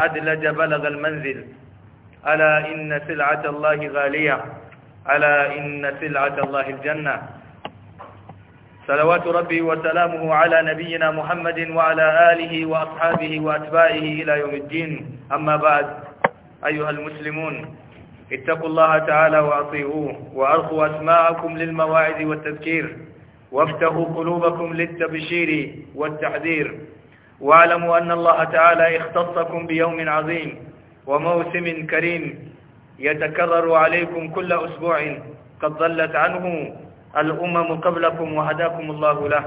أدلج بلغ المنزل ألا إن سلعة الله غالية ألا إن سلعة الله الجنة صلوات ربي وسلامه على نبينا محمد وعلى آله وأصحابه وأتباعه إلى يوم الدين أما بعد أيها المسلمون اتقوا الله تعالى وأطيعوه وأرخوا أسماءكم للمواعظ والتذكير وافتحوا قلوبكم للتبشير والتحذير واعلموا أن الله تعالى اختصكم بيوم عظيم وموسم كريم يتكرر عليكم كل أسبوع قد ضلت عنه الأمم قبلكم وهداكم الله له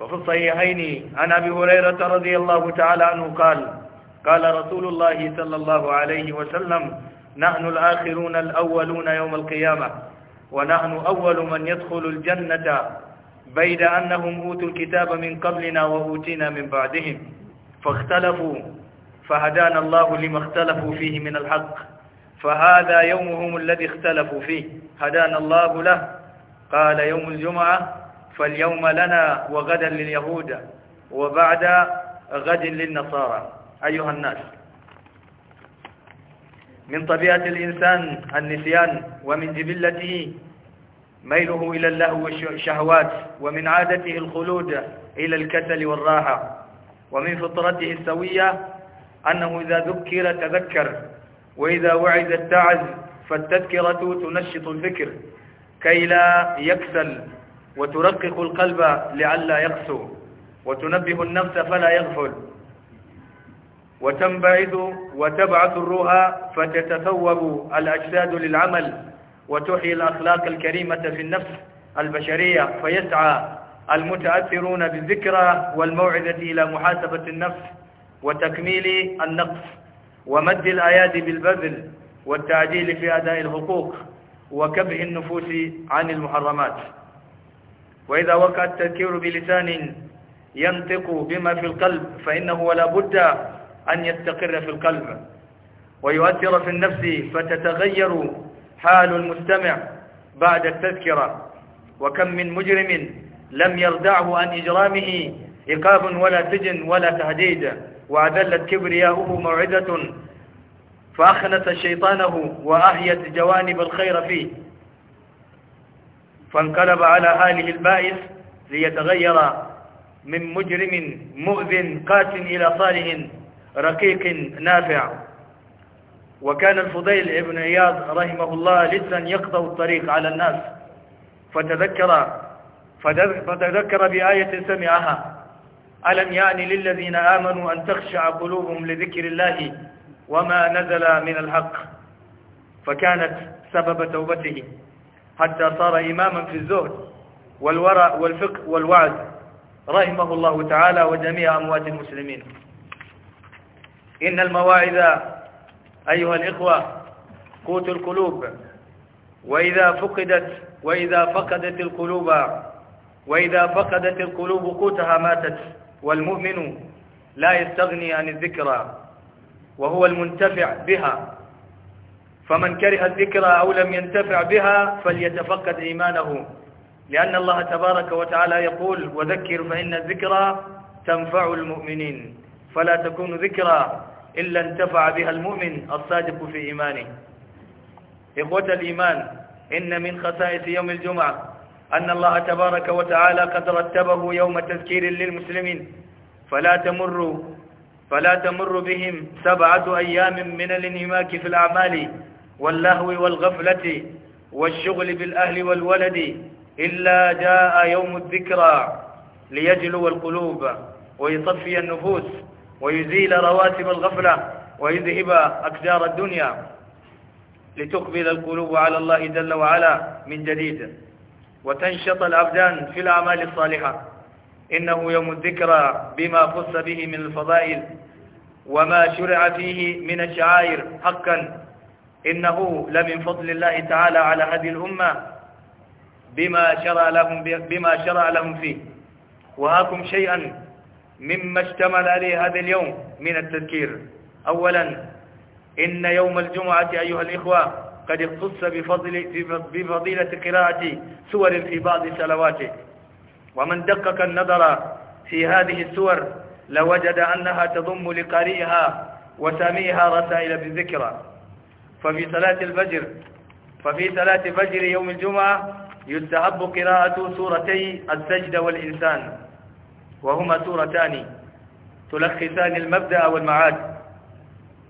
ففي الصحيحين عن أبي هريرة رضي الله تعالى عنه قال قال رسول الله صلى الله عليه وسلم نحن الآخرون الأولون يوم القيامة ونحن أول من يدخل الجنة بيد أنهم أوتوا الكتاب من قبلنا وأوتينا من بعدهم فاختلفوا فهدانا الله لما اختلفوا فيه من الحق فهذا يومهم الذي اختلفوا فيه هدانا الله له قال يوم الجمعة فاليوم لنا وغدا لليهود وبعد غد للنصارى أيها الناس من طبيعة الإنسان النسيان ومن جبلته ميله إلى اللهو والشهوات ومن عادته الخلود إلى الكسل والراحة ومن فطرته السوية أنه إذا ذكر تذكر وإذا وعز اتعز فالتذكرة تنشط الفكر كي لا يكسل وترقق القلب لئلا يقسو وتنبه النفس فلا يغفل وتنبعث وتبعث الرؤى فتتثوب الأجساد للعمل وتحيي الأخلاق الكريمة في النفس البشرية فيسعى المتأثرون بالذكرى والموعظة إلى محاسبة النفس وتكميل النقص ومد الأيادي بالبذل والتعديل في أداء الحقوق وكبه النفوس عن المحرمات وإذا وقع التذكير بلسان ينطق بما في القلب فإنه لا بد أن يستقر في القلب ويؤثر في النفس فتتغير حال المستمع بعد التذكرة وكم من مجرم لم يردعه عن إجرامه عقاب ولا سجن ولا تهديد وأذلت كبرياؤه موعدة فأخنت شيطانه وأهيت جوانب الخير فيه فانقلب على حاله البائس ليتغير من مجرم مؤذ قاس إلى صالح رقيق نافع وكان الفضيل ابن عياض رحمه الله لسا يقطع الطريق على الناس فتذكر فتذكر بآية سمعها ألم يعني للذين آمنوا أن تخشع قلوبهم لذكر الله وما نزل من الحق فكانت سبب توبته حتى صار إماما في الزهد والورع والفقه والوعد رحمه الله تعالى وجميع أموات المسلمين إن المواعظ أيها الإخوة قوت القلوب وإذا فقدت وإذا فقدت القلوب وإذا فقدت القلوب قوتها ماتت والمؤمن لا يستغني عن الذكرى وهو المنتفع بها فمن كره الذكرى أو لم ينتفع بها فليتفقد إيمانه لأن الله تبارك وتعالى يقول وذكر فإن الذكرى تنفع المؤمنين فلا تكون ذكرى إلا انتفع بها المؤمن الصادق في إيمانه إخوة الإيمان إن من خصائص يوم الجمعة أن الله تبارك وتعالى قد رتبه يوم تذكير للمسلمين فلا تمر فلا تمر بهم سبعة أيام من الانهماك في الأعمال واللهو والغفلة والشغل بالأهل والولد إلا جاء يوم الذكرى ليجلو القلوب ويصفي النفوس ويزيل رواتب الغفلة ويذهب أكدار الدنيا لتقبل القلوب على الله جل وعلا من جديد وتنشط الأبدان في الأعمال الصالحة إنه يوم الذكرى بما خص به من الفضائل وما شرع فيه من الشعائر حقا إنه لمن فضل الله تعالى على هذه الأمة بما شرع لهم, بما شرع لهم فيه وهاكم شيئا مما اشتمل عليه هذا اليوم من التذكير أولا إن يوم الجمعة أيها الإخوة قد اختص بفضل بفضيلة قراءة سور في بعض صلواته ومن دقق النظر في هذه السور لوجد أنها تضم لقارئها وساميها رسائل بالذكرى ففي صلاة الفجر ففي صلاة فجر يوم الجمعة يستحب قراءة سورتي السجد والإنسان وهما سورتان تلخصان المبدأ والمعاد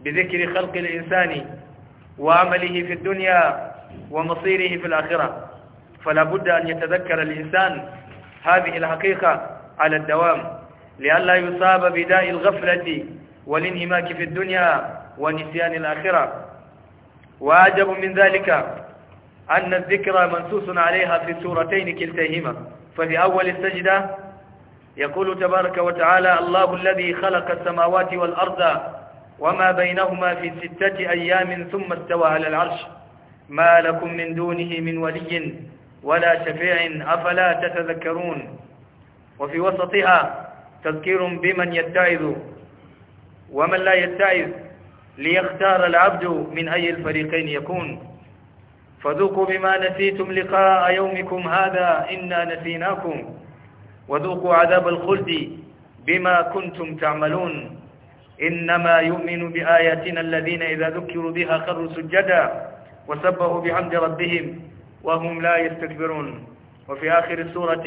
بذكر خلق الإنسان وعمله في الدنيا ومصيره في الآخرة فلا بد أن يتذكر الإنسان هذه الحقيقة على الدوام لئلا يصاب بداء الغفلة والانهماك في الدنيا ونسيان الآخرة وأعجب من ذلك أن الذكر منصوص عليها في سورتين كلتيهما ففي أول السجدة يقول تبارك وتعالى الله الذي خلق السماوات والأرض وما بينهما في ستة أيام ثم استوى على العرش ما لكم من دونه من ولي ولا شفيع أفلا تتذكرون وفي وسطها تذكير بمن يتعظ ومن لا يتعظ ليختار العبد من أي الفريقين يكون فذوقوا بما نسيتم لقاء يومكم هذا إنا نسيناكم وذوقوا عذاب الخلد بما كنتم تعملون إنما يؤمن بآياتنا الذين إذا ذكروا بها خروا سجدا وسبهوا بحمد ربهم وهم لا يستكبرون وفي آخر السورة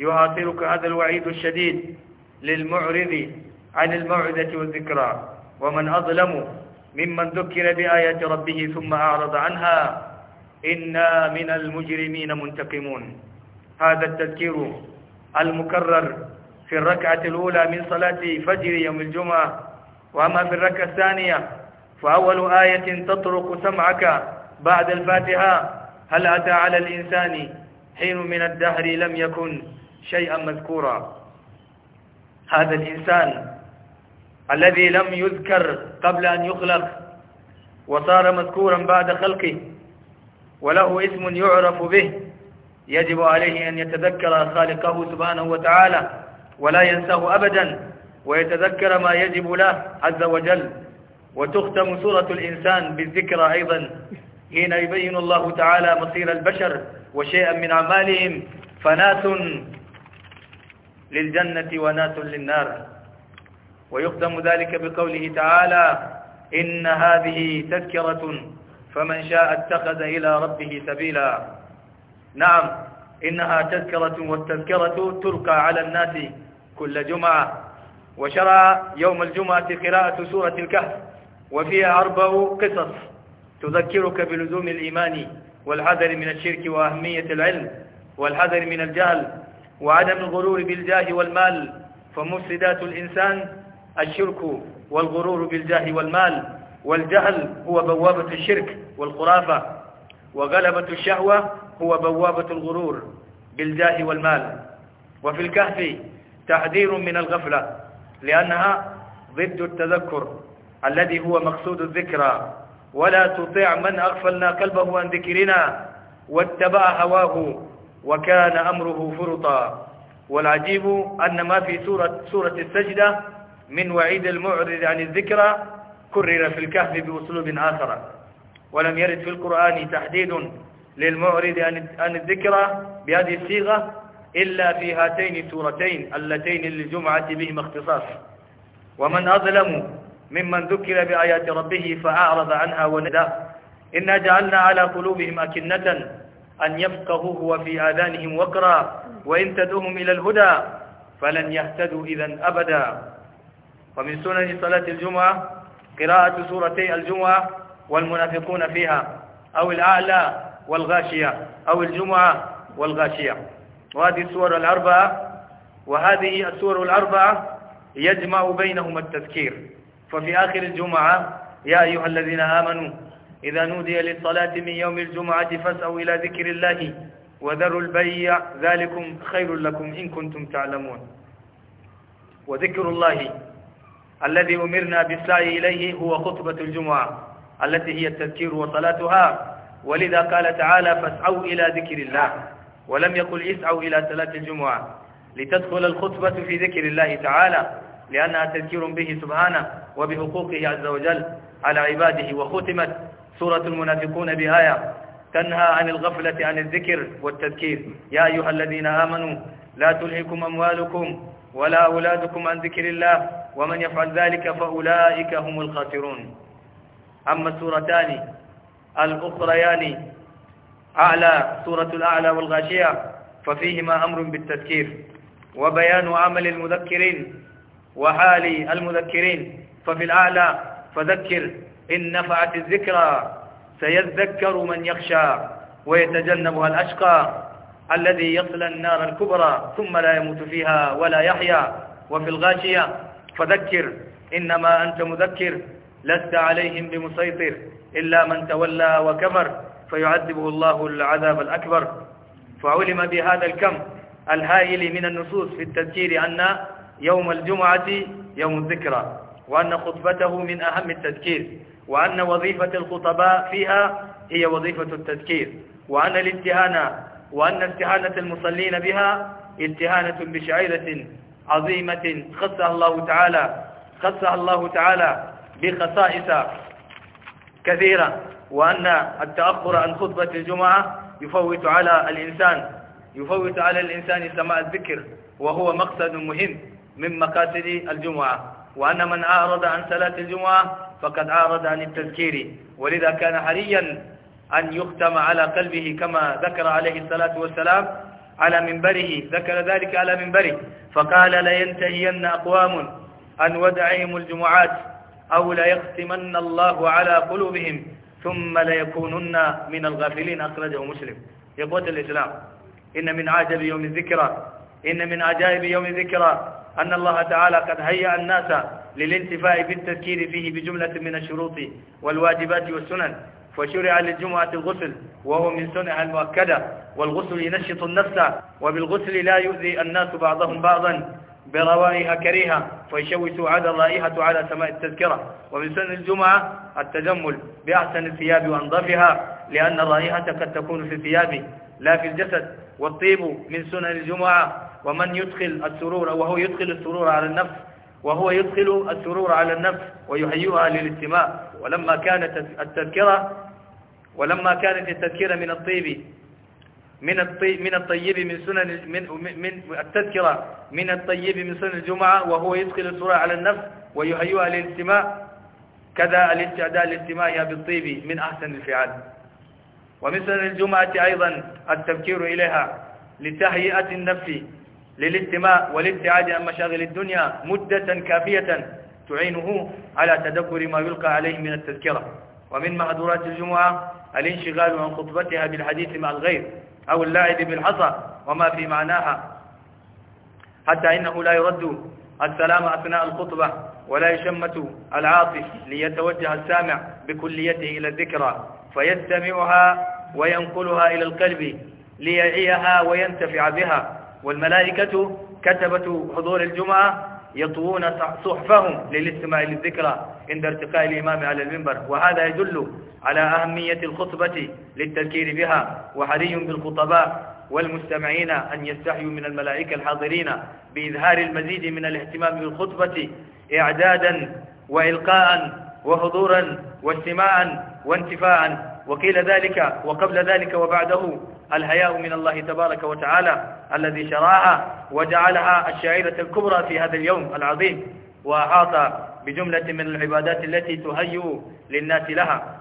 يعاطرك هذا الوعيد الشديد للمعرض عن الموعظة والذكرى ومن أظلم ممن ذكر بآيات ربه ثم أعرض عنها إنا من المجرمين منتقمون هذا التذكير المكرر في الركعة الأولى من صلاة فجر يوم الجمعة وأما في الركعة الثانية فأول آية تطرق سمعك بعد الفاتحة هل أتى على الإنسان حين من الدهر لم يكن شيئا مذكورا هذا الإنسان الذي لم يذكر قبل أن يخلق وصار مذكورا بعد خلقه وله اسم يعرف به يجب عليه أن يتذكر خالقه سبحانه وتعالى ولا ينساه أبدا ويتذكر ما يجب له عز وجل وتختم سورة الإنسان بالذكرى أيضا حين يبين الله تعالى مصير البشر وشيئا من أعمالهم فناس للجنة وناس للنار ويختم ذلك بقوله تعالى إن هذه تذكرة فمن شاء اتخذ إلى ربه سبيلا نعم إنها تذكرة والتذكرة تلقى على الناس كل جمعة وشرع يوم الجمعة قراءة سورة الكهف وفيها أربع قصص تذكرك بلزوم الإيمان والحذر من الشرك وأهمية العلم والحذر من الجهل وعدم الغرور بالجاه والمال فمفسدات الإنسان الشرك والغرور بالجاه والمال والجهل هو بوابة الشرك والخرافة وغلبة الشهوة هو بوابة الغرور بالجاه والمال وفي الكهف تحذير من الغفلة لأنها ضد التذكر الذي هو مقصود الذكرى ولا تطع من أغفلنا قلبه عن ذكرنا واتبع هواه وكان أمره فرطا والعجيب أن ما في سورة, سورة السجدة من وعيد المعرض عن الذكرى كرر في الكهف بأسلوب آخر ولم يرد في القرآن تحديد للمعرض عن الذكرى بهذه الصيغة إلا في هاتين السورتين اللتين للجمعة بهما اختصاص ومن أظلم ممن ذكر بآيات ربه فأعرض عنها وندى إنا جعلنا على قلوبهم أكنة أن يفقهوه وفي آذانهم وقرا وإن تدوهم إلى الهدى فلن يهتدوا إذا أبدا ومن سنن صلاة الجمعة قراءة سورتي الجمعة والمنافقون فيها أو الأعلى والغاشية أو الجمعة والغاشية وهذه السور الأربعة وهذه السور الأربعة يجمع بينهما التذكير ففي آخر الجمعة يا أيها الذين آمنوا إذا نودي للصلاة من يوم الجمعة فاسعوا إلى ذكر الله وذروا البيع ذلكم خير لكم إن كنتم تعلمون وذكر الله الذي أمرنا بالسعي إليه هو خطبة الجمعة التي هي التذكير وصلاتها ولذا قال تعالى فاسعوا إلى ذكر الله ولم يقل اسعوا إلى صلاة الجمعة لتدخل الخطبة في ذكر الله تعالى لأنها تذكير به سبحانه وبحقوقه عز وجل على عباده وختمت سورة المنافقون بآية تنهى عن الغفلة عن الذكر والتذكير يا أيها الذين آمنوا لا تلهكم أموالكم ولا أولادكم عن ذكر الله ومن يفعل ذلك فأولئك هم الخاسرون أما السورتان الأخريان أعلى سورة الأعلى والغاشية ففيهما أمر بالتذكير وبيان عمل المذكرين وحال المذكرين ففي الأعلى فذكر إن نفعت الذكرى سيذكر من يخشى ويتجنبها الأشقى الذي يصل النار الكبرى ثم لا يموت فيها ولا يحيا وفي الغاشية فذكر إنما أنت مذكر لست عليهم بمسيطر إلا من تولى وكفر فيعذبه الله العذاب الأكبر فعلم بهذا الكم الهائل من النصوص في التذكير أن يوم الجمعة يوم الذكرى وأن خطبته من أهم التذكير وأن وظيفة الخطباء فيها هي وظيفة التذكير وأن الامتهان وأن امتهانة المصلين بها امتهانة بشعيرة عظيمة خصها الله تعالى خصها الله تعالى بخصائص كثيرة وأن التأخر عن خطبة الجمعة يفوت على الإنسان يفوت على الإنسان سماع الذكر وهو مقصد مهم من مقاصد الجمعة وأن من أعرض عن صلاة الجمعة فقد أعرض عن التذكير ولذا كان حريا أن يختم على قلبه كما ذكر عليه الصلاة والسلام على منبره ذكر ذلك على منبره فقال لينتهين أقوام عن ودعهم الجمعات أو ليختمن الله على قلوبهم ثم ليكونن من الغافلين أخرجه مسلم يا الإسلام إن من عجب يوم الذكرى إن من عجائب يوم الذكرى أن الله تعالى قد هيأ الناس للانتفاع بالتذكير فيه بجملة من الشروط والواجبات والسنن فشرع للجمعة الغسل وهو من سنع المؤكدة والغسل ينشط النفس وبالغسل لا يؤذي الناس بعضهم بعضا بروائها كريهة فيشوش عاد الرائحة على سماء التذكرة ومن سن الجمعة التجمل بأحسن الثياب وأنظفها لأن الرائحة قد تكون في الثياب لا في الجسد والطيب من سنن الجمعة ومن يدخل السرور وهو يدخل السرور على النفس وهو يدخل السرور على النفس ويهيئها للاستماع ولما كانت التذكرة ولما كانت التذكرة من الطيب من الطي من الطيب من سنن من من التذكرة من الطيب من سنن الجمعة وهو يدخل السورة على النفس ويهيئها للاستماع كذا الاستعداء لاستماعها بالطيب من أحسن الفعال ومن سنن الجمعة أيضا التفكير إليها لتهيئة النفس للاستماع والابتعاد عن مشاغل الدنيا مدة كافية تعينه على تدبر ما يلقى عليه من التذكرة ومن مهدورات الجمعة الانشغال عن خطبتها بالحديث مع الغير أو اللاعب بالحصى وما في معناها حتى إنه لا يرد السلام أثناء الخطبة ولا يشمت العاطف ليتوجه السامع بكليته إلى الذكرى فيستمعها وينقلها إلى القلب ليعيها وينتفع بها والملائكة كتبت حضور الجمعة يطوون صحفهم للاستماع للذكرى عند ارتقاء الإمام على المنبر وهذا يدل على أهمية الخطبة للتذكير بها وحري بالخطباء والمستمعين أن يستحيوا من الملائكة الحاضرين بإظهار المزيد من الاهتمام بالخطبة إعدادا وإلقاء وحضورا واستماعا وانتفاعا وقيل ذلك وقبل ذلك وبعده الحياء من الله تبارك وتعالى الذي شرعها وجعلها الشعيرة الكبرى في هذا اليوم العظيم وأحاط بجملة من العبادات التي تهيئ للناس لها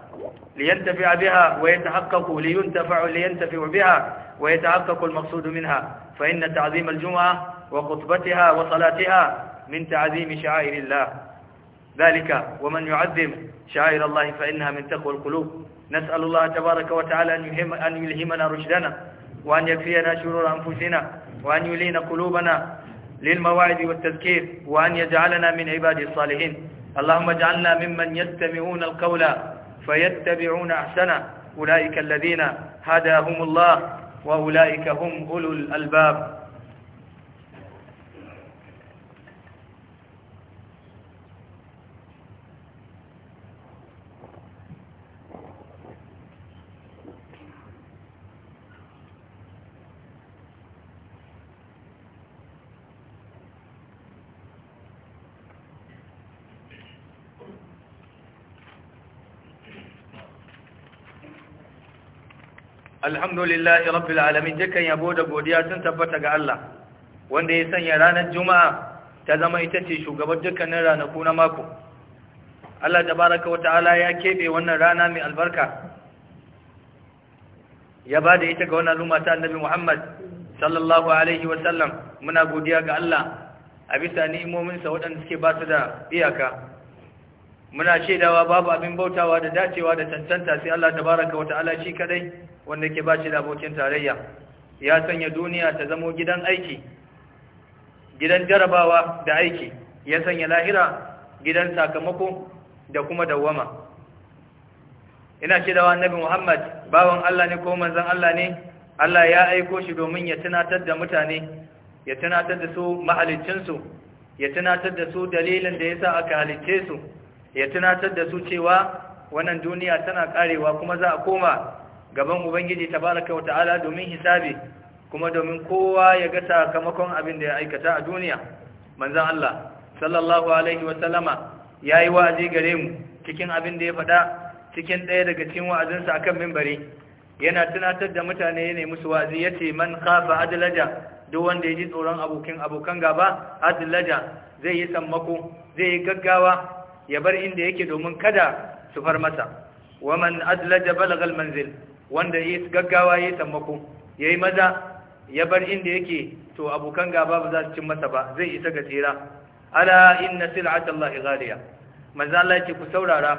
لينتفع بها ويتحقق لينتفع لينتفع بها ويتحقق المقصود منها فإن تعظيم الجمعة وخطبتها وصلاتها من تعظيم شعائر الله ذلك ومن يعظم شعائر الله فإنها من تقوى القلوب نسأل الله تبارك وتعالى أن, يهم أن يلهمنا رشدنا وأن يكفينا شرور أنفسنا وأن يلين قلوبنا للمواعظ والتذكير وأن يجعلنا من عباده الصالحين اللهم اجعلنا ممن يستمعون القول فيتبعون أحسنه أولئك الذين هداهم الله وأولئك هم أولو الألباب alhamdulillahi rabbil alamin dukan yabo da godiya sun tabbata ga Allah wanda ya sanya ranar juma'a ta zama ita ce shugaban dukkanin ranaku na mako Allah tabaraka wata'ala ya kebe wannan rana mai albarka ya ba da ita ga wannan al'umma ta annabi Muhammad sallallahu alaihi wa sallam muna godiya ga Allah a bisa ni'imominsa waɗanda suke ba su da iyaka muna shaidawa babu abin bautawa da dacewa da tantanta sai Allah tabaraka wa ta'ala shi kadai wanda ke ba shi da abokin tarayya ya sanya duniya ta zamo gidan aiki gidan jarabawa da aiki ya sanya lahira gidan sakamako da kuma dawwama ina shaidawa annabi Muhammad bawan Allah ne ko manzon Allah ne Allah ya aiko shi domin ya tunatar da mutane ya tunatar da su su, ya tunatar da su dalilin da yasa aka halicce su ya tunatar da su cewa wannan duniya tana karewa kuma za a koma gaban ubangiji tabaraka wa ta'ala domin hisabi kuma domin kowa ya ga sakamakon abin da ya aikata a duniya manzan Allah sallallahu alaihi wa sallama yayi wa'azi gare mu cikin abin da ya faɗa cikin ɗaya daga cikin wa'azinsa akan mimbari yana tunatar da mutane ne musu wa'azi ya ce man kafa adalaja, duk wanda ya ji tsoron abokin abokan gaba adalaja zai yi sammako zai yi gaggawa ya bar inda yake domin kada su far masa waman adlaja balagal manzil wanda ya gaggawa ya sammako yayi maza ya bar inda yake to abokan gaba ba za su cin masa ba zai isa ga tsira ala inna sil'atallahi ghaliya manzo Allah ku saurara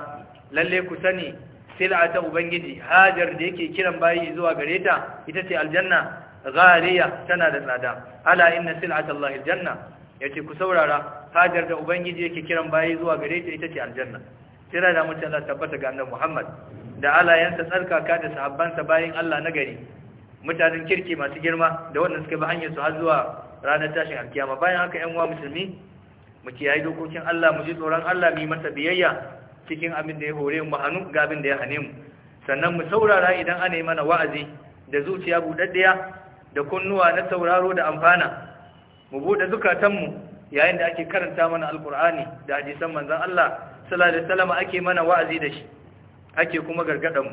lalle ku sani sil'ata ubangiji hajar da yake kiran bayi zuwa gare ta ita ce aljanna ghaliya tana da tsada ala inna sil'atallahi aljanna Ya ce ku saurara hajar da ubangiji yake kiran bayi zuwa gare ta ita ce aljanna kira da mutum Allah tabbata ga annabi Muhammad da alayansa tsarkaka da sahabbansa bayin Allah na gari mutanen kirki masu girma da waɗanda suka bi hanyar su har zuwa ranar tashin alkiyama bayan haka ƴan uwa musulmi mu kiyaye dokokin Allah mu ji tsoron Allah mu yi masa biyayya cikin abin da ya hore mu hanu ga abin da ya hane mu sannan mu saurara idan ana yi mana wa'azi da zuciya budaddiya da kunnuwa na sauraro da amfana mu buɗe zukatan zukatanmu yayin da ake karanta mana alkur'ani da hadisan manzon Allah sallallahu alaihi wasallam ake mana wa'azi da shi ake kuma gargada mu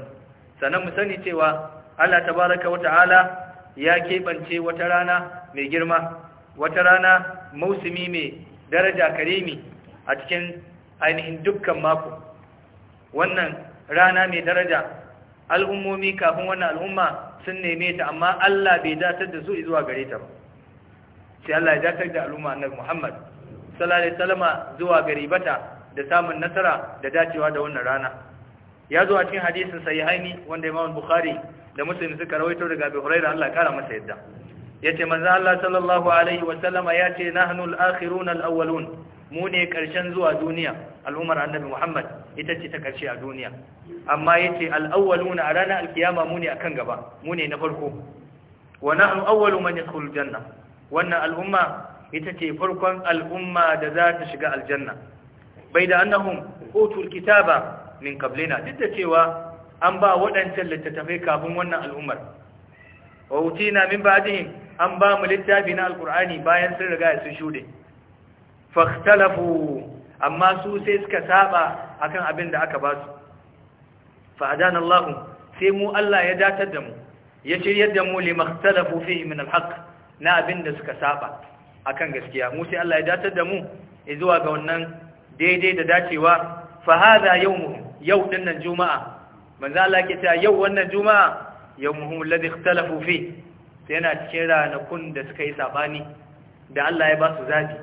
sannan mu sani cewa Allah tabaraka wata'ala ya kebance wata rana mai girma wata rana mausumi mai daraja karimi a cikin ainihin dukkan mako wannan rana mai daraja al'ummomi kafin wannan al'umma sun neme ta amma Allah bai datar da su zuwa gare ta ba sai Allah ya dakatar da al'umma annabi Muhammad sallallahu alaihi wasallam zuwa garibata da samun nasara da dacewa da wannan rana ya zo a cikin hadisin sahihaini wanda Imam Bukhari da Muslim suka rawaito daga Abu Hurairah Allah ya kara masa yadda yace manzo Allah sallallahu alaihi wasallama yace nahnu al-akhirun al-awwalun mu ne karshen zuwa duniya al'ummar annabi Muhammad ita ce ta karshe a duniya amma yace al-awwaluna a ranar alkiyama mu ne akan gaba mu ne na farko wa nahnu awwalu man yadkhulul janna wannan al'umma ita ce farkon al'umma da za ta shiga aljanna bai da annahum utul kitaba min qablina duk da cewa an ba waɗancan littattafai kafin wannan al'ummar wa na min ba'dihim an ba mu littafi na Alƙur'ani bayan sun riga sun shude fahtalafu amma su sai suka saba akan abin da aka ba su fa adanallahu sai mu Allah ya datar da mu ya shiryar da mu limahtalafu fihi min alhaq na abin da suka saba akan gaskiya mu sai Allah ya datar da mu zuwa ga wannan daidai da dacewa fa hadha yawmuhum yau dinnan juma'a manzo Allah ke cewa yau wannan juma'a yawmuhum alladhi ikhtalafu fi yana cikin ranakun da suka yi sabani da Allah ya ba su zabi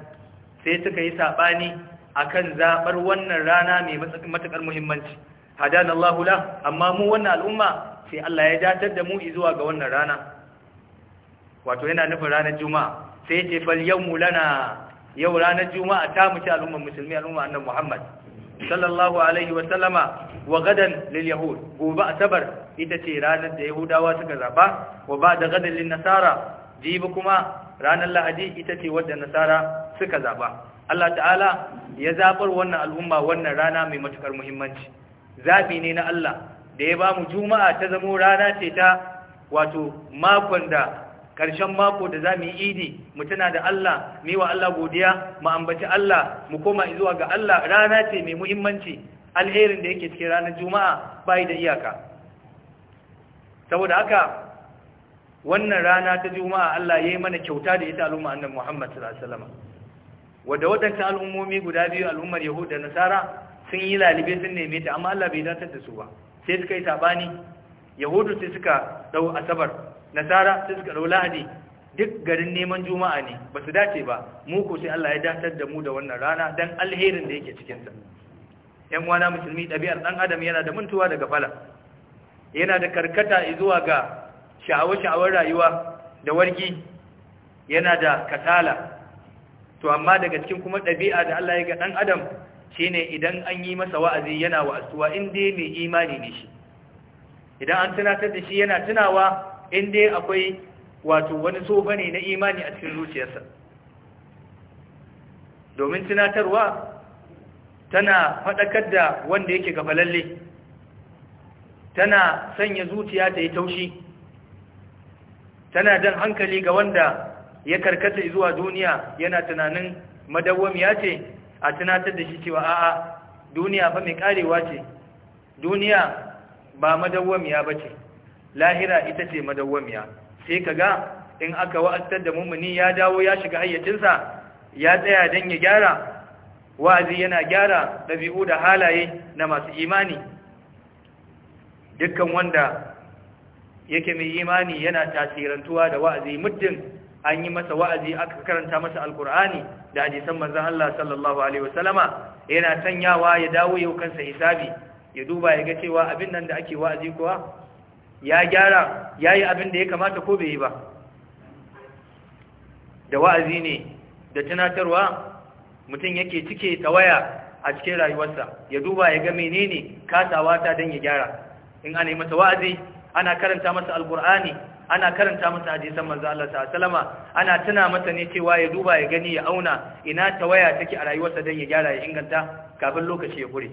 sai suka yi sabani akan zabar wannan rana mai matakar muhimmanci hadana Allahu la amma mu wannan al'umma sai Allah ya datar da mu zuwa ga wannan rana wato yana nufin ranar juma'a sai ce fal yawmu lana yau ranar juma'a ta muci al'ummar musulmi al'ummar annan Muhammad sallallahu alaihi wa sallama wa gadan lil yahud gobe asabar ita ce ranar da yahudawa suka zaba wa ba da gadan nasara jibi kuma ranar lahadi ita ce wadda nasara suka zaba Allah ta'ala ya zabar wannan al'umma wannan rana mai matukar muhimmanci zabi ne na Allah da ya bamu juma'a ta zamo rana ce ta wato makon da ƙarshen mako da za mu yi idi mu tana da Allah mu yi wa Allah godiya mu ambaci Allah mu koma zuwa ga Allah rana ce mai muhimmanci alherin da yake cikin ranar juma'a bai da iyaka saboda haka wannan rana ta juma'a Allah ya yi mana kyauta da ita al'umma annan Muhammad sallallahu alaihi wasallam al'ummomi guda biyu al'ummar Yahud da Nasara sun yi lalibe sun neme ta amma Allah bai datar da su ba sai suka yi sabani Yahudu sai suka dau asabar nasara sai suka ɗau lahadi duk garin neman juma'a ne ba su dace ba mu ko sai Allah ya datar da mu da wannan rana dan alherin da yake cikin ta yan uwana musulmi ɗabi'ar ɗan adam yana da mintuwa daga fala yana da karkata zuwa ga sha'awa-sha'awar rayuwa da wargi yana da kasala to amma daga cikin kuma ɗabi'a da Allah ya ga ɗan adam shi ne idan an yi masa wa'azi yana wa'azuwa in dai mai imani ne shi idan an tunatar da shi yana tunawa in dai akwai wato wani tsofa ne na imani a cikin zuciyarsa domin tunatarwa tana faɗakar da wanda yake gafalalle tana sanya zuciya ta yi taushi tana jan hankali ga wanda ya karkata zuwa duniya yana tunanin madawwamiya ce a tunatar da shi cewa a'a duniya fa mai karewa ce duniya ba madawwamiya ba ce lahira ita ce madawwamiya sai kaga in aka wa'azar da mumuni ya dawo ya shiga hayyacinsa ya tsaya dan ya gyara wa'azi yana gyara dabi'u da halaye na masu imani dukkan wanda yake mai imani yana tasirantuwa da wa'azi muddin an yi masa wa'azi aka karanta masa alkur'ani da hadisan manzon Allah sallallahu alaihi wasallama yana sanyawa ya dawo yau kansa hisabi ya duba ya ga cewa abin nan da ake wa'azi kuwa ya gyara ya yi abin da ya kamata ko bai yi ba da wa'azi ne da tunatarwa mutum yake cike tawaya a cikin rayuwarsa ya duba ya ga menene kasawa ta don ya gyara in ana yi masa wa'azi ana karanta masa alkur'ani ana karanta masa hadisan manzo Allah Salama, ana tuna masa ne cewa ya duba ya gani ya auna ina ta waya take a rayuwarsa don ya gyara ya inganta kafin lokaci ya kure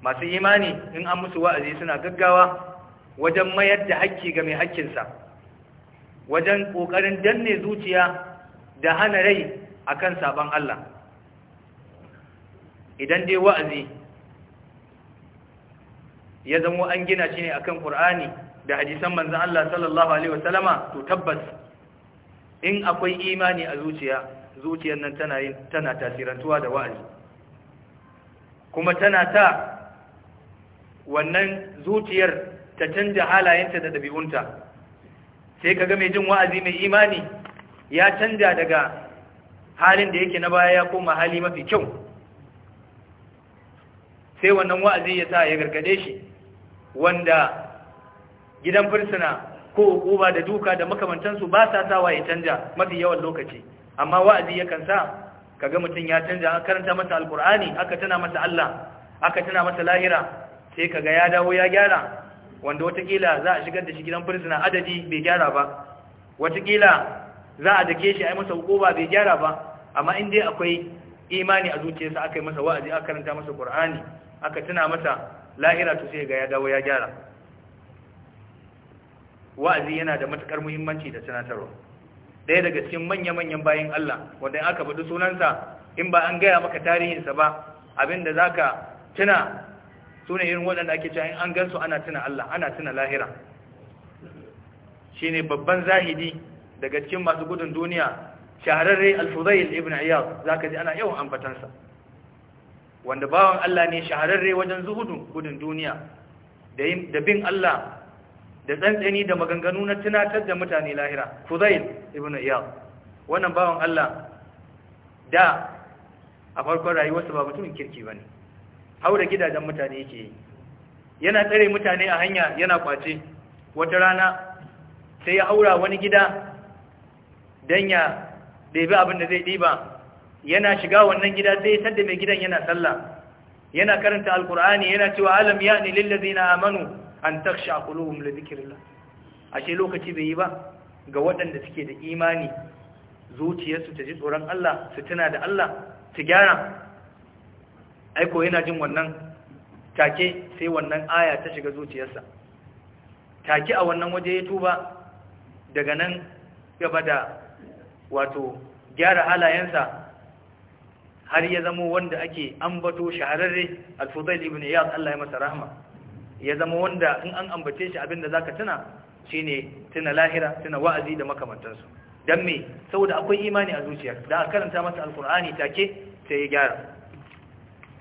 masu imani in an musu wa'azi suna gaggawa wajen mayar da haƙƙi ga mai haƙƙinsa wajen ƙoƙarin danne zuciya da hana rai akan saban Allah idan dai wa'azi ya zamo an gina shi ne akan Kur'ani da hadisan manzon Allah sallallahu alaihi wasallama to tabbas in akwai imani a zuciya zuciyar nan tana yin tana tasirantuwa da wa'azi kuma tana ta wannan zuciyar ta canja halayenta da ɗabi'unta sai ka ga mai jin wa'azi mai imani ya canja daga halin da yake na baya ya koma hali mafi kyau sai wannan wa'azi ya sa ya gargade shi wanda gidan fursuna ko hukuma da duka da makamantansu ba sa sawa ya canja mafi yawan lokaci amma wa'azi yakan sa ka ga mutum ya canja a karanta masa alkur'ani aka tana masa Allah aka tana masa lahira sai ka ga ya dawo ya gyara wanda watakila za a shigar da shi gidan firsuna adadi bai gyara ba watakila za a dake shi a yi masa hukuba bai gyara ba amma in dai akwai imani a zuciyarsa aka yi masa wa'azi aka karanta masa qur'ani aka tuna masa lahira to sai ga ya dawo ya gyara wa'azi yana da matukar muhimmanci da tunatarwa daya daga cikin manya-manyan bayin Allah wanda aka faɗi sunansa in ba an gaya maka tarihinsa ba abinda zaka tuna su ne irin waɗanda ake cewa an gansu ana tuna Allah ana tuna lahira shine babban zahidi daga cikin masu gudun duniya shahararre al-Fudayl ibn Iyad zaka ji ana yawan ambatansa wanda bawan Allah ne shahararre wajen zuhudun gudun duniya da bin Allah da tsantsani da maganganu na tunatar da mutane lahira Fudayl ibn Iyad wannan bawan Allah da a farkon rayuwarsa ba mutumin kirki bane haura gidajen mutane yake yi yana tsare mutane a hanya yana kwace wata rana sai ya aura wani gida don ya ɗebi abin da zai ɗiba yana shiga wannan gida sai ya mai gidan yana tsalla yana karanta alkur'ani yana cewa alam ya ne na amanu an taksha quluhum li dhikrillah ashe lokaci bai yi ba ga waɗanda suke da imani zuciyarsu ta ji tsoron Allah su tuna da Allah su gyara aiko yana jin wannan take sai wannan aya ta shiga zuciyarsa take a wannan waje ya tuba daga nan gaba da wato gyara halayensa har ya zama wanda ake ambato shahararre al-fudail ibn iyad Allah ya masa rahma ya zama wanda in an ambace shi abinda zaka tuna shine tuna lahira tuna wa'azi da makamantansu dan me saboda akwai imani a zuciyar da karanta masa al-qur'ani take sai ya gyara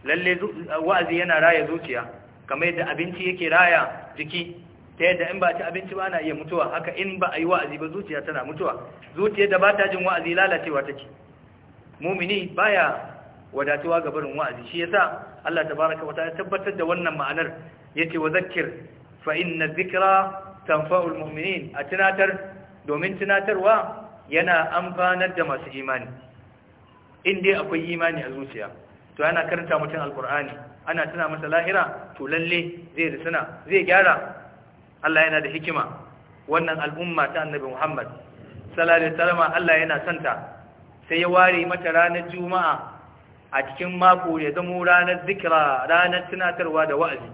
lalle wa'azi yana raya zuciya kamar yadda abinci yake raya jiki ta yadda in ba ci abinci ba na iya mutuwa haka in ba a yi wa'azi ba zuciya tana mutuwa zuciya da ba ta jin wa'azi lalacewa take mumini baya wadatuwa ga barin wa'azi shi yasa Allah tabaraka wa ta'ala tabbatar da wannan ma'anar yace wa zakkir fa inna dhikra tanfa'ul mu'minin a tunatar domin tunatarwa yana amfanar da masu imani in dai akwai imani a zuciya to yana karanta mutum alkur'ani ana tuna masa lahira to lalle zai risuna zai gyara Allah yana da hikima wannan al'umma ta annabi Muhammad Sala da wasallam Allah yana santa sai ya ware mata ranar juma'a a cikin mako ya zamo ranar zikira ranar tunatarwa da wa'azi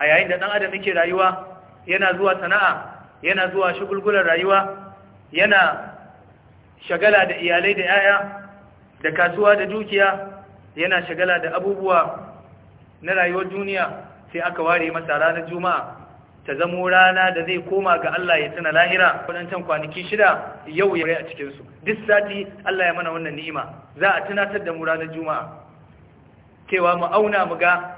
a yayin da ɗan adam yake rayuwa yana zuwa sana'a yana zuwa shugulgular rayuwa yana shagala da iyalai da 'ya'ya da kasuwa da dukiya yana shagala da abubuwa na rayuwar duniya sai aka ware masa ranar juma'a ta zamo rana da zai koma ga Allah ya tana lahira wadancan kwanaki shida yau ya a cikinsu duk sati Allah ya mana wannan ni'ima za a tunatar da mu ranar juma'a cewa mu auna mu ga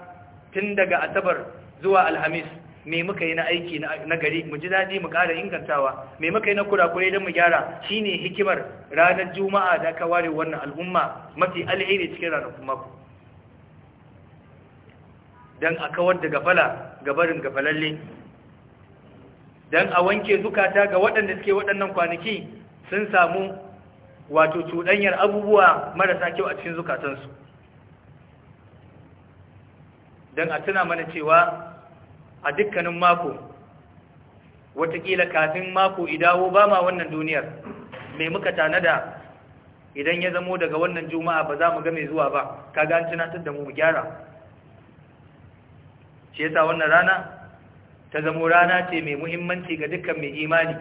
tun daga asabar zuwa alhamis me muka yi na aiki na gari mu ji daɗi mu ƙara ingantawa me muka yi na kurakurai don mu gyara shine hikimar ranar juma'a da aka ware wannan al'umma mafi alheri cikin ranar mako don a kawar da gafala gabarin gafalalle don a wanke zukata ga waɗanda suke waɗannan kwanaki sun samu wato cuɗanyar abubuwa marasa kyau a cikin zukatansu don a tuna mana cewa a dukkanin mako watakila kafin mako idawo ba ma wannan duniyar mai muka tanada idan ya zamo daga wannan juma'a ba za mu ga mai zuwa ba kaga gancin tunatar da mu gyara shi yasa wannan rana ta zamo rana ce mai muhimmanci ga dukkan mai imani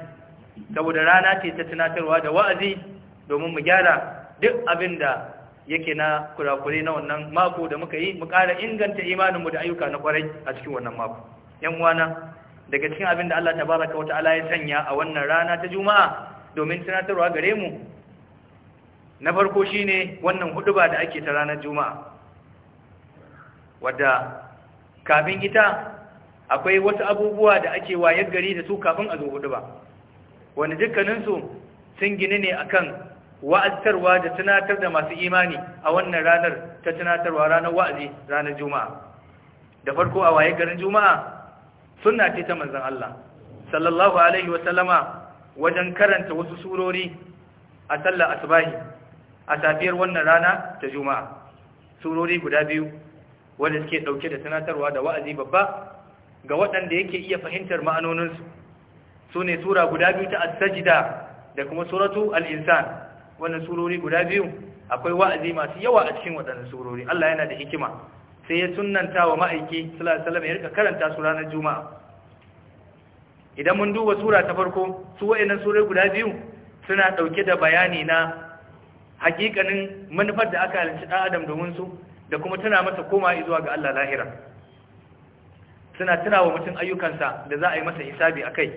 saboda rana ce ta tunatarwa da wa'azi domin mu gyara duk abin da yake na kurakure na wannan mako da muka yi mu ƙara inganta imaninmu da ayyuka na kwarai a cikin wannan mako yan uwana daga cikin abin da Allah tabaraka wa ta'ala ya sanya a wannan rana ta juma'a domin tunatarwa gare mu na farko shine wannan huduba da ake ta ranar juma'a wadda kafin ita akwai wasu abubuwa da ake wayar gari da su kafin a zo huduba wanda dukkaninsu sun gini ne akan wa'azarwa da tunatar da masu imani a wannan ranar ta tunatarwa ranar wa'azi ranar juma'a da farko a waye garin juma'a sunna ce ta manzan Allah sallallahu alaihi wa sallama wajen karanta wasu surori a sallar asubahi a safiyar wannan rana ta juma'a surori guda biyu wanda suke dauke da sanatarwa da wa'azi babba ga waɗanda yake iya fahimtar ma'anoninsu su ne sura guda biyu ta asajida da kuma suratu al-insan wannan surori guda biyu akwai wa'azi masu yawa a cikin waɗannan surori Allah yana da hikima sai ya sunanta wa ma'aiki sallallahu alaihi wasallam ya rika karanta su ranar juma'a idan mun duba sura ta farko su wayannan surai guda biyu suna ɗauke da bayani na hakikanin manufar da aka halarci dan adam domin su da kuma tana masa koma zuwa ga Allah lahira suna tana wa mutum ayyukansa da za a yi masa hisabi akai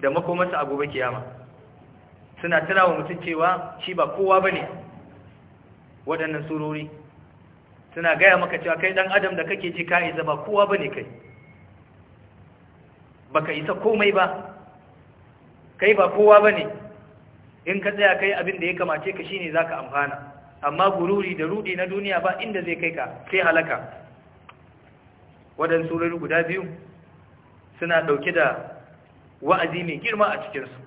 da makomarsa a gobe kiyama suna tana wa mutum cewa shi ba kowa bane waɗannan surori suna gaya maka cewa kai dan adam da kake ji ka isa ba kowa bane kai ka isa komai ba kai ba kowa ba ne. in ka tsaya kai abin da ya kamace ka shi shine ka amfana amma gururi da rudi na duniya ba inda zai kai ka sai halaka wadan surori guda biyu suna ɗauke da wa'azi mai girma a cikinsu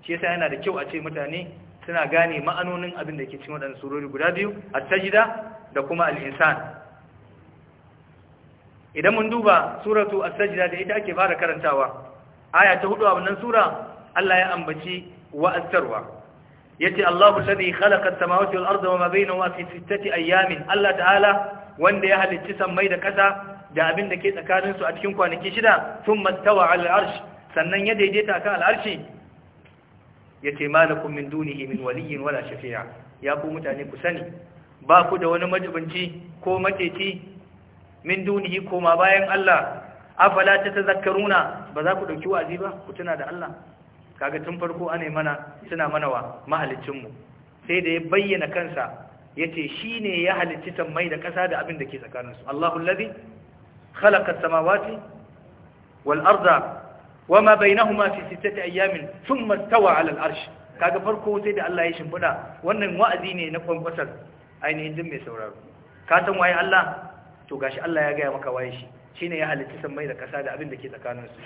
shi yasa yana da kyau a ce mutane suna gane ma'anonin abin da ke cin waɗannan surori guda biyu a sajda da kuma alinsan idan mun duba suratu a sajda da ita ake fara karantawa aya ta hudu a wannan sura Allah ya ambaci wa'azarwa yace Allahu alladhi khalaqa as-samawati wal ma wama bainahuma fi sittati ayyamin. Allah ta'ala wanda ya halicci sammai da kasa da abin da ke tsakanin su a cikin kwanaki shida thumma istawa 'ala sannan ya daidaita kan al'arshi? yace malakum min dunihi min waliyyin wala shafi'a ya ku mutane ku sani ba ku da wani majibanci ko mateci min dunihi koma bayan Allah afala tatazakkaruna ba za ku dauki wazi ba ku tuna da Allah kaga tun farko ana mana suna mana wa mahalicin mu sai da ya bayyana kansa yace ne ya halicci tammai da kasa da abin da ke tsakaninsu Allahu allazi khalaqa as-samawati wal arda wama bainahuma fi sittati ayamin thumma tawa ala al-arsh kaga farko sai da Allah ya shimfida wannan wa'azi ne na kwankwasar ainihin din mai sauraro ka san waye Allah to gashi Allah ya gaya maka waye shi shine ya halitta sammai da kasa da abin da ke tsakanin su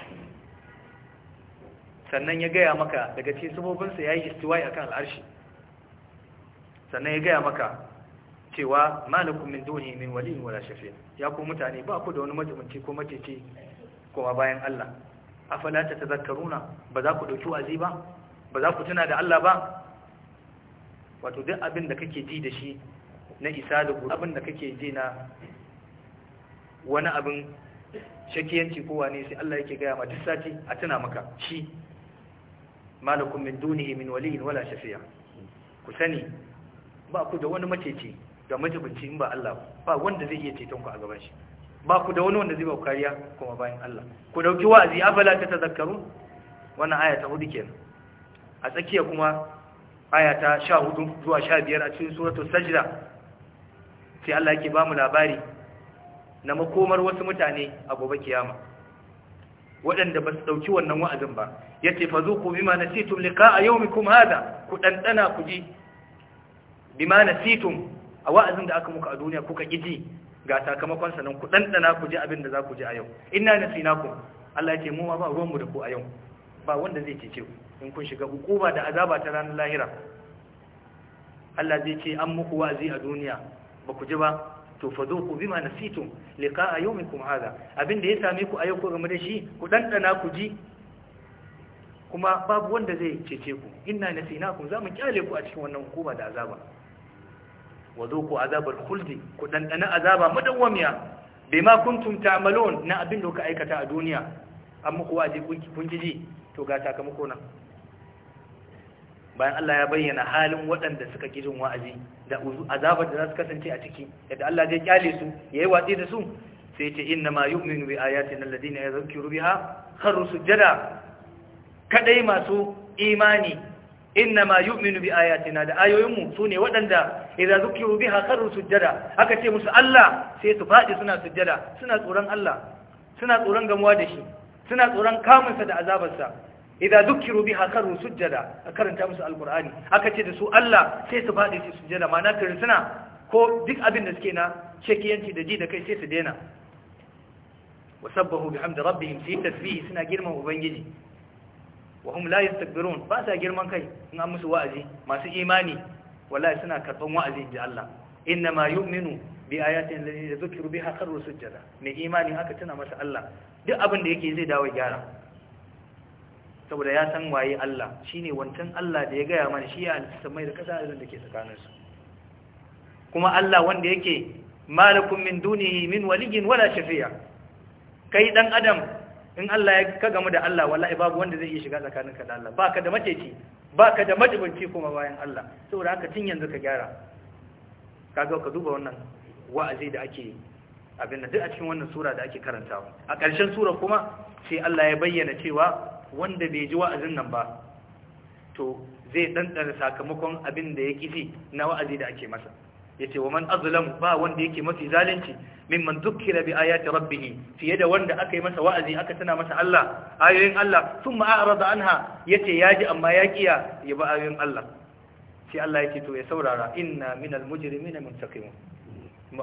sannan ya gaya maka daga cikin sabobin sa yayi istiwai akan al-arshi sannan ya gaya maka cewa malakum min duni min waliyin wala shafi ya ku mutane ba ku da wani majibinci ko matici ko bayan Allah afala ta tazakkaruna ba za ku dauki wazi ba ba za ku tuna da Allah ba wato duk abin da kake ji da shi na isa da ku abin da kake ji na wani abin shakiyanci kowa ne sai Allah yake gaya ma duk sati a tuna maka shi malakum min dunihi min waliyin wala shafi'a ku sani ba ku da wani macece da majibinci in ba Allah ba wanda zai iya ceton ku a gaban shi ba ku da wani wanda zai ba ku kariya kuma bayan Allah ku dauki wa'azi afala ta tazakkaru wannan aya ta hudu kenan a tsakiya kuma aya ta 14 zuwa 15 a cikin suratu sajda sai Allah yake ba mu labari na makomar wasu mutane a gobe kiyama waɗanda ba su ɗauki wannan wa'azin ba yace ce fa zuqu bima nasitum liqa'a yawmikum hada ku ɗanɗana ku ji bima nasitum a wa'azin da aka muku a duniya kuka kiji ga sakamakon sanan ku dandana ku ji abin da za ku ji a yau inna nasinakum Allah ya ce mu ma ba ruwan mu da ku a yau ba wanda zai cece ku in kun shiga hukuma da azaba ta ranar lahira Allah zai ce an muku wazi a duniya ba ku ji ba to ku bima nasitum liqa'a yawmikum hadha abinda ya same ku a yau ko game da shi ku dandana ku ji kuma babu wanda zai cece ku inna nasinakum mu kyale ku a cikin wannan hukuma da azaba wa zuku azabar khuldi ku dandana azaba Bai ma kuntum ta'malun na abin da kuka aikata a duniya amma kuwa je kun ji to ga sakamako na bayan Allah ya bayyana halin waɗanda suka gidin wa'azi da azabar da za su kasance a ciki yadda Allah zai kyale su yi watsi da su sai ce inna ma yu'minu bi ayatin alladhina yadhkuru biha kharru sujada kadai masu imani innama yu'minu bi ayatina da ayoyinmu sune waɗanda idza zukiru biha kharru sujjada aka ce musu Allah sai su fadi suna sujjada suna tsoron Allah suna tsoron gamuwa da shi suna tsoron kamunsa da azabarsa idza zukiru biha kharru sujjada a karanta musu alqur'ani aka ce da su Allah sai su fadi su sujjada ma'ana kirsuna ko duk abin da suke na shekiyanci da ji da kai sai su dena wasabbahu bihamdi rabbihim sai tasbihi suna girman ubangiji wa hum la ba sa girman kai in an musu wa'azi masu imani wallahi suna karban wa'azi da Allah inna ma yu'minu bi ayatin lati yadhkuru biha kharru sujada mai imani haka tana masa Allah duk abin da yake zai dawo gyara saboda ya san waye Allah shine wancan Allah da ya gaya mana shi ya alisa mai da kasa irin da ke tsakaninsu kuma Allah wanda yake malakum min dunihi min waliyin wala shafiya. kai dan adam in Allah ya ka gamu da Allah wallahi babu wanda zai iya shiga tsakaninka da Allah baka da maceci baka da majibanci kuma bayan Allah saboda haka tun yanzu ka gyara kaga ka duba wannan wa'azi da ake abin da duk a cikin wannan sura da ake karantawa a ƙarshen sura kuma sai Allah ya bayyana cewa wanda bai ji wa'azin nan ba to zai ɗanɗana sakamakon abin da ya kifi na wa'azi da ake masa yace wa man azlamu ba wanda yake mafi zalunci mimman dukkira bi ayati rabbih fiye da wanda aka yi masa wa'azi aka tana masa Allah ayoyin Allah thumma a'rada anha yace yaji amma ya kiya ya ba ayoyin Allah sai Allah yake to ya saurara inna minal mujrimina muntaqimun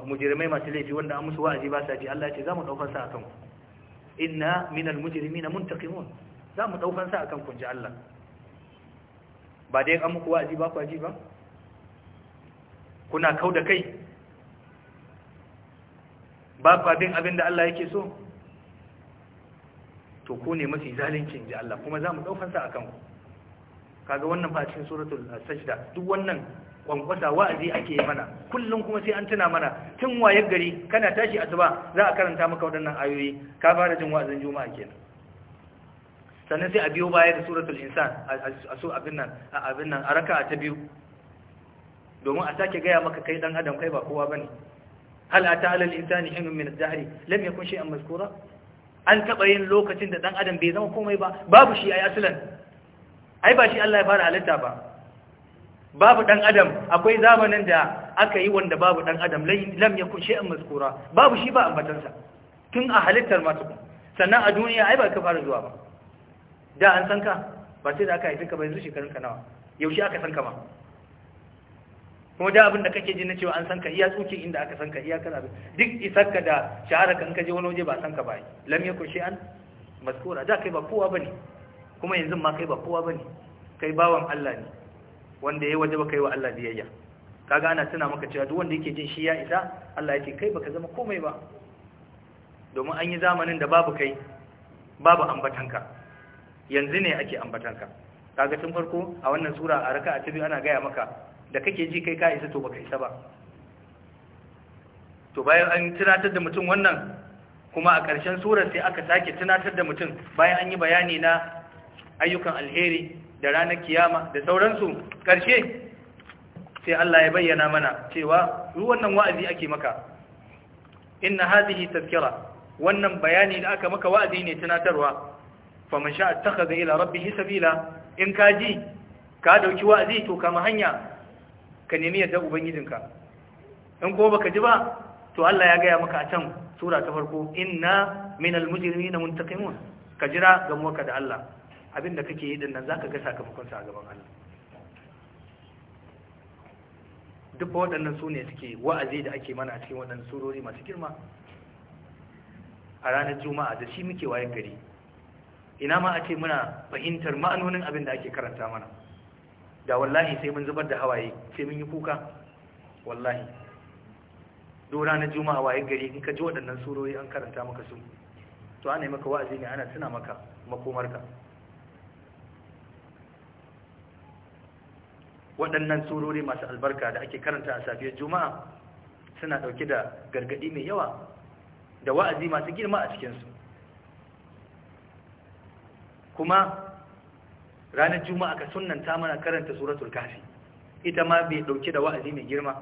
mujrimai masu laifi wanda an musu wa'azi ba sa ji Allah yace zamu daukar sa akan inna minal mujrimina muntaqimun zamu daukar sa akan kunji Allah ba dai an muku wa'azi ba ku ji ba kuna kau da kai ba kwa bin abin da Allah yake so to ku ne mafi zalincin ji Allah kuma za mu sa a kanku kaga wannan bacin suratul uh, sajda duk wannan kwankwasa wa'azi ake mana kullum kuma sai an tuna mana tun wayar gari kana tashi asuba za a karanta maka waɗannan ayoyi ka fara jin wa'azin juma'a kenan sannan sai a biyo baya da suratul insan a su abin nan a abin nan a raka'a ta biyu domin a sake gaya maka kai dan adam kai ba kowa bane hal ata alal insani hinun min az-zahri lam yakun shay'an mazkura an taba yin lokacin da dan adam bai zama komai ba babu shi ai aslan ai ba shi Allah ya fara halitta ba babu dan adam akwai zamanin da aka yi wanda babu dan adam lam yakun shay'an mazkura babu shi ba ambatansa tun a halittar ma tukun sannan a duniya ai ba ka fara zuwa ba da an san ka ba sai da aka haife ka ba yanzu shekarun ka nawa yaushe aka san ka ma ko da abin da kake ji na cewa an san ka iya tsuke inda aka san ka iya kana duk ka da shahara kan ka je wani waje ba san ka ba lam yakun shay'an mazkura da kai ba kowa bane kuma yanzu ma kai ba kowa bane kai bawan Allah ne wanda yayi waje ba kai wa Allah biyayya kaga ana tuna maka cewa duk wanda yake jin shi ya isa Allah yake kai baka zama komai ba domin an yi zamanin da babu kai babu ambatanka yanzu ne ake ambatanka kaga tun farko a wannan sura a raka'a ta biyu ana gaya maka da kake ji kai ka isa to baka isa ba to bayan an tunatar da mutum wannan kuma a ƙarshen surar sai aka sake tunatar da mutum bayan an yi bayani na ayyukan alheri da ranar kiyama da sauransu ƙarshe sai Allah ya bayyana mana cewa wannan wa'azi ake maka inna hadhihi tadhkira wannan bayani da aka maka wa'azi ne tunatarwa man sha'a takhadha ila rabbihi sabila in ka ji ka dauki wa'azi to kama hanya ka nemi yadda ubangijinka in ko baka ji ba to Allah ya gaya maka a can sura ta farko inna minal almujrimina muntaqimun ka jira gamuwarka da Allah abinda kake yi din nan zaka ga sakamakon sa a gaban Allah duk waɗannan su suke wa'azi da ake mana a cikin waɗannan surori masu girma a ranar juma'a da shi muke wayan gari ina ma a ce muna fahimtar ma'anonin abin da ake karanta mana da wallahi sai mun zubar da hawaye sai mun yi kuka wallahi do ranar juma'a waye gari in ka ji waɗannan surori an karanta maka su to ana yi maka wa'azi ne ana tuna maka makomarka waɗannan surori masu albarka da ake karanta a safiyar juma'a suna ɗauke da gargaɗi mai yawa da wa'azi masu girma a cikinsu kuma ranar juma'a ka sunanta mana karanta suratul kafi ita ma bai dauke da wa'azi mai girma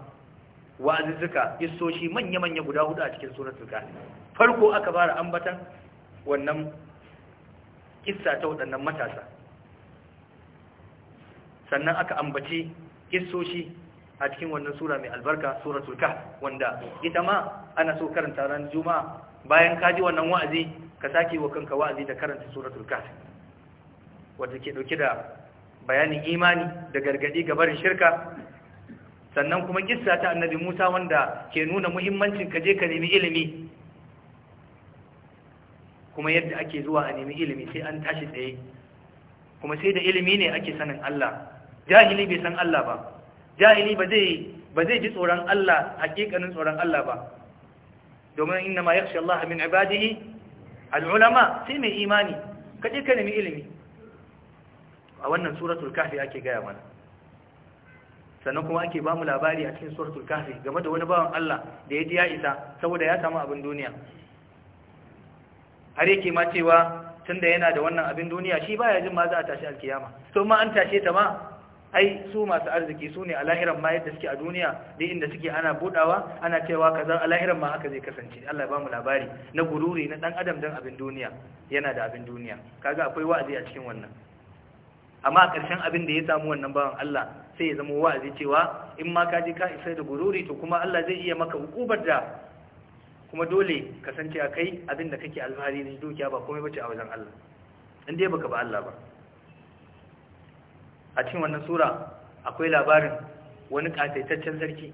wa'azuzzuka istoshi manya-manya guda hudu a cikin suratul kafi farko aka fara ambatan wannan kissa ta waɗannan matasa sannan aka ambaci kissoshi a cikin wannan sura mai albarka suratul kafi wanda ita ma ana so karanta ran juma'a bayan ka ji wannan wa'azi ka sake wa kanka wa'azi da karanta suratul kafi Wata ke dauke da bayanin imani da gargaɗi ga barin shirka sannan kuma kissa ta annabi Musa wanda ke nuna muhimmancin ka je ka nemi ilimi kuma yadda ake zuwa a nemi ilimi sai an tashi tsaye kuma sai da ilimi ne ake sanin Allah jahili bai san Allah ba jahili ba zai ji tsoron Allah hakikanin tsoron Allah ba domin inna ma yakhsha Allah min ibadihi al sai mai imani Ka je ka nemi ilimi a wannan suratul kahfi ake gaya mana sannan kuma ake ba mu labari a cikin suratul kahfi game da wani bawan Allah da ya ji ya isa saboda ya samu abin duniya har yake ma cewa tunda yana da wannan abin duniya shi baya jin ma za a tashi alkiyama to ma an tashe ta ma ai su masu arziki su ne a lahiran ma yadda suke a duniya da inda suke ana budawa ana cewa kaza a lahiran ma haka zai kasance Allah ya mu labari na gururi na dan adam dan abin duniya yana da abin duniya kaga akwai wa'azi a cikin wannan amma a ƙarshen abin da ya samu wannan bawan Allah sai ya zama wa'azi cewa in ma ka je ka isa da gururi to kuma Allah zai iya maka hukubar da kuma dole ka san a kai abin da kake alfahari ne dukiya ba komai bace a wajen Allah in dai baka ba Allah ba a cikin wannan sura akwai labarin wani kataitaccen sarki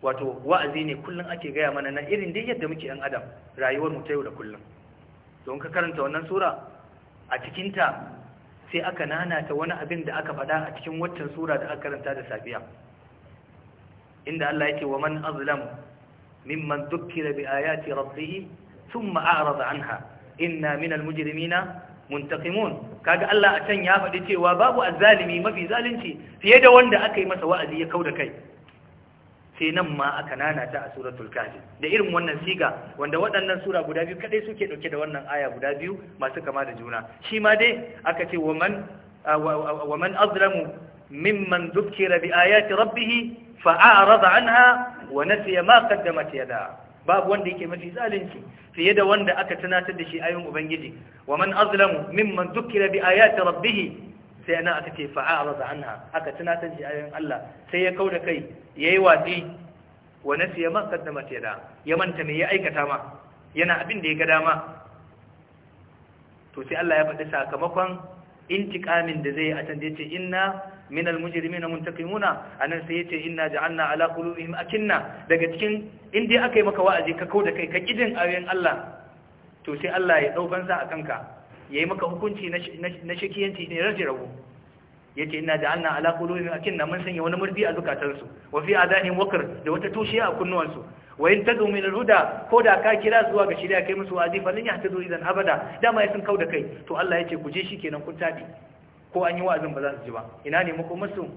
wato wa'azi ne kullum ake gaya mana na irin dai yadda muke yan adam rayuwar mu ta yau da kullum don ka karanta wannan sura a cikinta sai aka nanata wani abin da aka faɗa a cikin waccan sura da aka karanta da safiya inda Allah yake wa man azlamu mimman dukkira bi ayati rabbih thumma a'rada anha inna minal mujrimina muntaqimun kaga Allah a can ya faɗi cewa babu azzalimi mafi zalunci fiye da wanda aka yi masa wa'azi ya kauda kai sai nan ma aka nanata a suratul kafi da irin wannan siga wanda waɗannan sura guda biyu kadai suke ɗauke da wannan aya guda biyu masu kama da juna shi ma dai aka ce waman waman azlamu mimman dhukira bi ayati rabbih fa'arada anha wa nasiya ma qaddamat yada babu wanda yake mafi zalunci fiye da wanda aka tunatar da shi ayoyin ubangiji waman azlamu mimman dhukira bi ayati rabbih sai ana aka ce raza anha aka tunatar shi ayoyin Allah sai ya kauda kai ya yi watsi wa nasiya ma qaddama da ya manta me ya aikata ma yana abin da ya ga dama to sai Allah ya faɗi sakamakon intiqamin da zai a can da ce inna minal mujrimina muntaqimuna anan sai ya ce inna ja'alna ala qulubihim akinna daga cikin aka yi maka wa'azi ka kauda kai ka kidin ayoyin Allah to sai Allah ya daukan sa a kanka ya yi maka hukunci na shakiyanci ne raji rago ce ina ja'alna ala qulubihim na mun sanya wani murbi a zukatansu wa fi zahin wakar da wata tushe a kunnuwansu wa ta zo min na ruda ko da ka kira zuwa ga shirya kai musu wa'azi fa lan yahtadu idan abada dama ya sun da kai to Allah ya ce ku je kenan kun tabi ko an yi wa'azin ba za su ji ba ina ne muku musu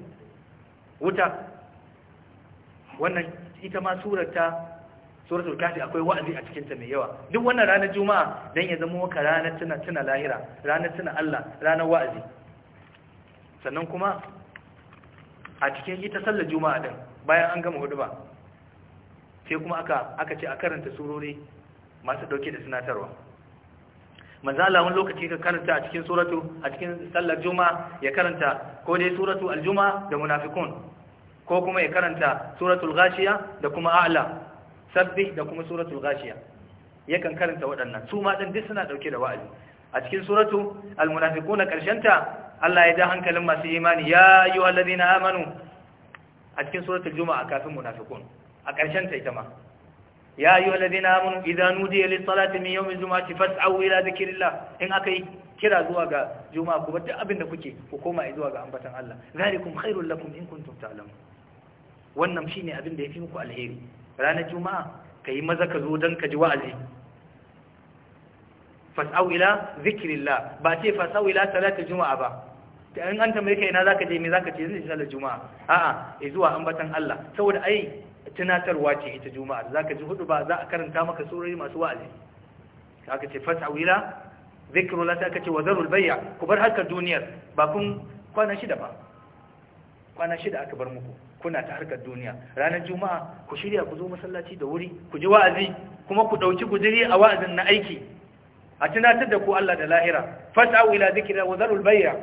wuta wannan ita ma surata? suratul kafi akwai wa'azi a cikin ta mai yawa duk wannan ranar juma'a dan ya zama waka ranar tuna tuna lahira ranar tuna Allah ranar wa'azi sannan kuma a cikin ita sallar juma'a din bayan an gama huduba sai kuma aka aka ce a karanta surori masu dauke da sinatarwa manzo Allah wani lokaci ka karanta a cikin suratu a cikin sallar juma'a ya karanta ko dai suratu aljuma da munafiqun ko kuma ya karanta suratul ghashiya da kuma a'la Sabbi da kuma suratul ghashiya yakan karanta waɗannan su ma din duk suna ɗauke da wa'azi a cikin suratu almunafiquna karshenta Allah ya ja hankalin masu imani ya ayyuhal ladina amanu a cikin suratul juma'a kafin munafiqun a karshenta ita ma ya ayyuhal ladina amanu idza nudiya lis salati min yawmil jumu'ati fas'au ila dhikrillah in akai kira zuwa ga juma'a ku duk abin da kuke ku koma zuwa ga ambatan Allah zalikum khairul lakum in kuntum ta'lamun wannan shine abin da yafi muku alheri ranar juma'a ka yi maza ka zo don ka ji wa'azi fas'au ila zikirillah ba ce fas'au ila juma'a ba in an tambaye ka ina za ka je me ka ce zai sallar juma'a a'a eh zuwa ambatan Allah saboda ai tunatarwa ce ita juma'a za ka ji hudu ba za a karanta maka surori masu wa'azi aka ce fasawila zikru la ta ce wazarul bay'a ku bar harkar duniyar ba kun kwana shida ba kwana shida aka bar muku kuna ta harkar duniya ranar juma'a ku shirya ku zo masallaci da wuri ku ji wa'azi kuma ku dauki guduri a wa'azin na aiki a tunatar da ku Allah da lahira fas'au ila dhikra wa dharul bay'a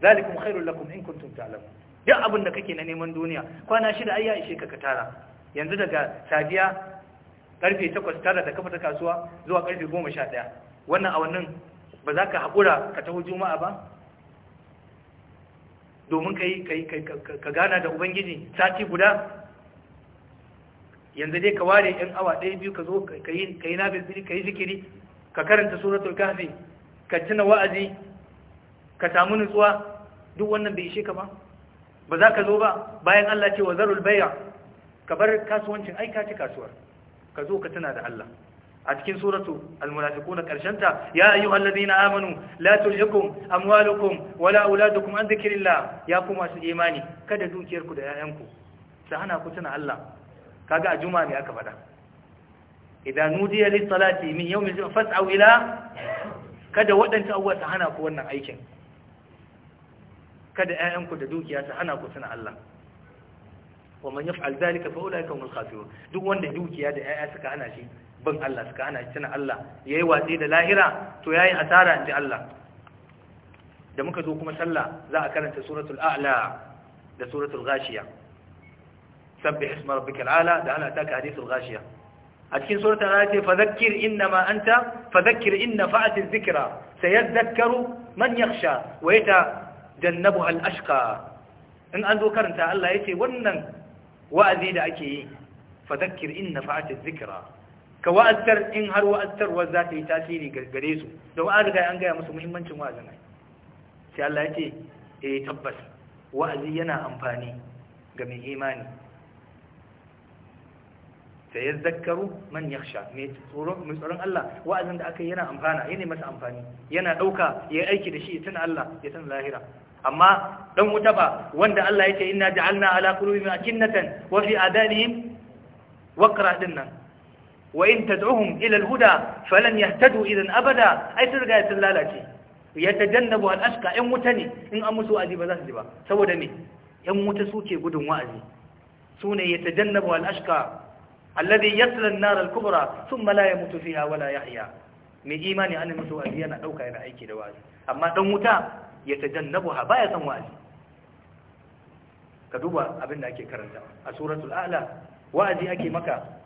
zalikum khairul lakum in kuntum ta'lamun duk abin da kake na neman duniya kwana shida ayya ya ishe ka katara yanzu daga safiya karfe 8 tara da kafa ta kasuwa zuwa karfe 11 wannan awannin ba za ka haƙura ka taho juma'a ba domin ka gana da ubangiji sati guda yanzu dai ka ware yan awa ɗaya biyu ka zo ka yi ka yi zikiri ka karanta suratul kafi ka tuna wa'azi ka samu nutsuwa duk wannan bai ishe ka ba ba za ka zo ba bayan Allah ce wa zarul bai'a ka bar kasuwancin ai ka kasuwar ka zo ka tuna da Allah a cikin suratu almunafiquna karshenta ya ayyuhal ladina amanu la tulhikum amwalukum wala auladukum an dhikrillah ya kuma su imani kada dukiyarku da yayanku ta hana ku tuna Allah kaga a juma'a ne aka fada idan nudiya lis salati min yawmi fas'au ila kada waɗanta abuwa ta hana ku wannan aikin kada yayanku da dukiya ta hana ku tuna Allah wa man yaf'al dhalika fa ulaika humul khasirun duk wanda dukiya da yaya suka hana shi bin Allah suka hana shi tuna Allah yayi watsi da lahira to ya yi asara inji Allah da muka zo kuma sallah za a karanta suratul a'la da suratul gashiya sabbih isma rabbikal a'la da ana taka hadithul ghashiya a cikin surata a'la ce fadhakkir innama anta fadhakkir inna fa'atiz zikra sayadhakkaru man yakhsha wa yatajannabuha al-ashqa in an zo karanta Allah yace wannan wa'azi da ake yi fadhakkir inna fa'atiz zikra ka wa'azkar in har wa'azkarwar za ta yi tasiri gare su da wa'azi ga an gaya musu muhimmancin wa'azin ai sai Allah ya ce eh tabbas wa'azi yana amfani ga mai imani sai ya zakaru man yakhsha mai tsoron Allah wa'azin da aka yi yana amfana yana masa amfani yana ɗauka ya aiki da shi ya tuna Allah ya tuna lahira amma dan wuta ba wanda Allah ya yake inna ja'alna ala qulubihim akinnatan wafi fi adanihim waqra nan. wa in ilal ila al-huda falan yahtadu idan abada ai sun riga sun lalace yatajannabu al-ashqa in wuta ne in an musu wa'azi ba za su ji ba saboda me yan wuta suke gudun wa'azi sune yatajannabu al-ashqa alladhi yasla an-nar al-kubra thumma la yamutu fiha wa la yahya mai imani an musu wa'azi yana dauka aiki da wa'azi amma wuta yatajannabuha baya san wa'azi ka duba abinda ake karanta a suratul a'la wa'azi ake maka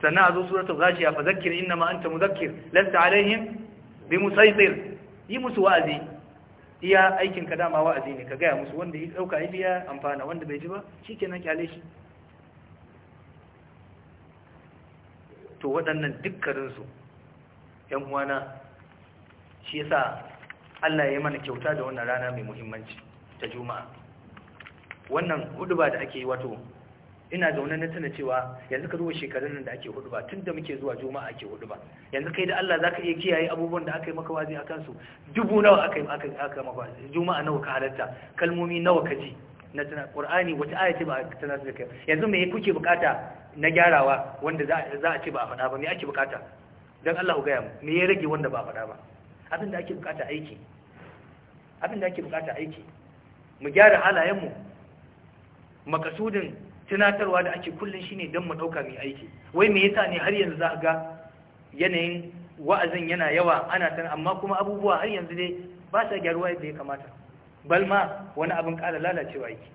sannan a zo suratul ghashiya fa zakkir innama anta muzakkir lasta alaihim yi musu wa'azi iya aikin ka wa'azi ne ka gaya musu wanda ya dauka ya biya amfana wanda bai ji ba shikenan kyale shi to waɗannan dukkanin su ƴan uwana shi yasa Allah ya yi mana kyauta da wannan rana mai muhimmanci ta juma'a wannan hudu da ake yi wato ina zaune na tana cewa yanzu ka zuwa shekarun nan da ake hudu ba tun da muke zuwa juma'a ake hudu ba yanzu kai da Allah za ka iya kiyaye abubuwan da aka yi maka wazi a kansu dubu nawa aka yi maka wazi juma'a nawa ka halatta kalmomi nawa ka ji na tana ƙur'ani wata aya ce ba tana su kai yanzu me kuke bukata na gyarawa wanda za a ce ba a faɗa ba me ake bukata dan Allah ku gaya mu me ya rage wanda ba a faɗa ba abin da ake bukata aiki abin da ake bukata aiki mu gyara halayenmu makasudin tunatarwa da ake kullum shine don mu ɗauka mai aiki wai me yasa ne har yanzu za a ga yanayin wa'azin yana yawa ana san amma kuma abubuwa har yanzu dai ba sa gyaruwa yadda ya kamata Balma ma wani abin ƙara lalacewa yake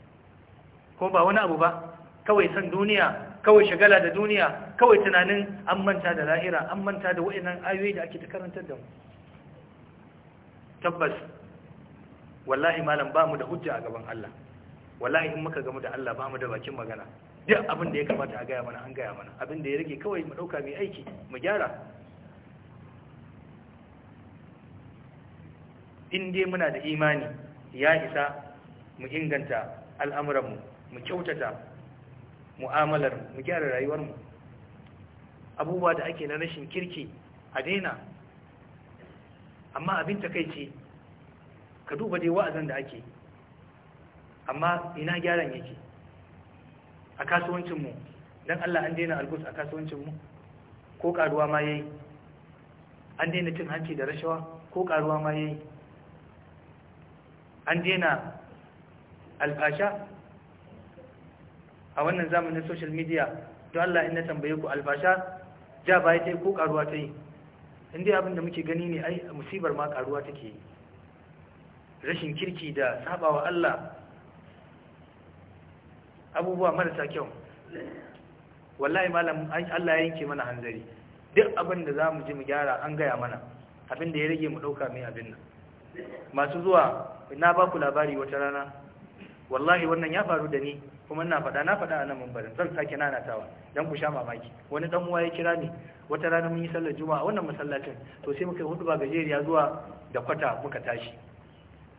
ko ba wani abu ba kawai san duniya kawai shagala da duniya kawai tunanin an manta da lahira an manta da wa'annan ayoyi da ake ta karantar da mu tabbas wallahi malam ba mu da hujja a gaban Allah wallahi in muka gamu da Allah ba mu da bakin magana duk abin da ya kamata a gaya mana an gaya mana abin da ya rage kawai mu dauka mai aiki mu gyara in dai muna da imani ya isa mu inganta al'amuranmu mu kyautata mu'amalar mu gyara rayuwarmu abubuwa da ake na rashin kirki a daina amma abin takaici ka duba dai wa'azin da ake amma ina gyaran yake a kasuwancinmu don Allah an daina algus a kasuwancinmu ko karuwa ma yayi an daina cin hanci da rashawa ko karuwa ma yayi an daina alfasha a wannan zamanin social media don Allah in na tambaye ku alfasha ja baya ta yi ko karuwa ta yi inda abin da muke gani ne ai musibar ma karuwa take yi rashin kirki da sabawa Allah abubuwa marasa kyau wallahi malam Allah ya yanke mana hanzari duk abin da za mu ji mu gyara an gaya mana abin da ya rage mu ɗauka mai abin nan masu zuwa na ba ku labari wata rana wallahi wannan ya faru da ni kuma na faɗa na faɗa a nan mambarin zan sake nanatawa don ku sha mamaki wani dan uwa ya kira ni wata rana mun yi sallar juma'a wannan masallacin to sai muka yi hudu ba gajeriya zuwa da kwata muka tashi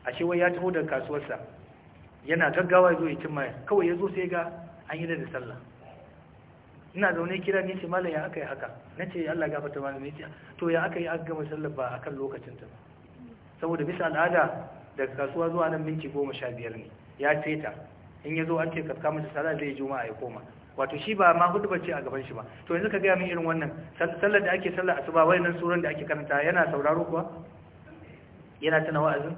ashe wai ya taho daga kasuwarsa yana gaggawa ya zo ya cimma kawai ya zo sai ga an yi da sallah ina zaune kira ne ce malam ya aka yi haka na ce Allah gafarta malam ya to ya aka yi aka gama sallah ba akan lokacin ta saboda bisa al'ada daga kasuwa zuwa nan minti goma sha biyar ne ya ceta in ya zo an ce kafka mata sallah zai juma'a ya koma wato shi ba ma hudu ce a gaban shi ba to yanzu ka gaya min irin wannan sallar da ake sallar asuba wayannan suran da ake karanta yana sauraro kuwa yana tana wa'azin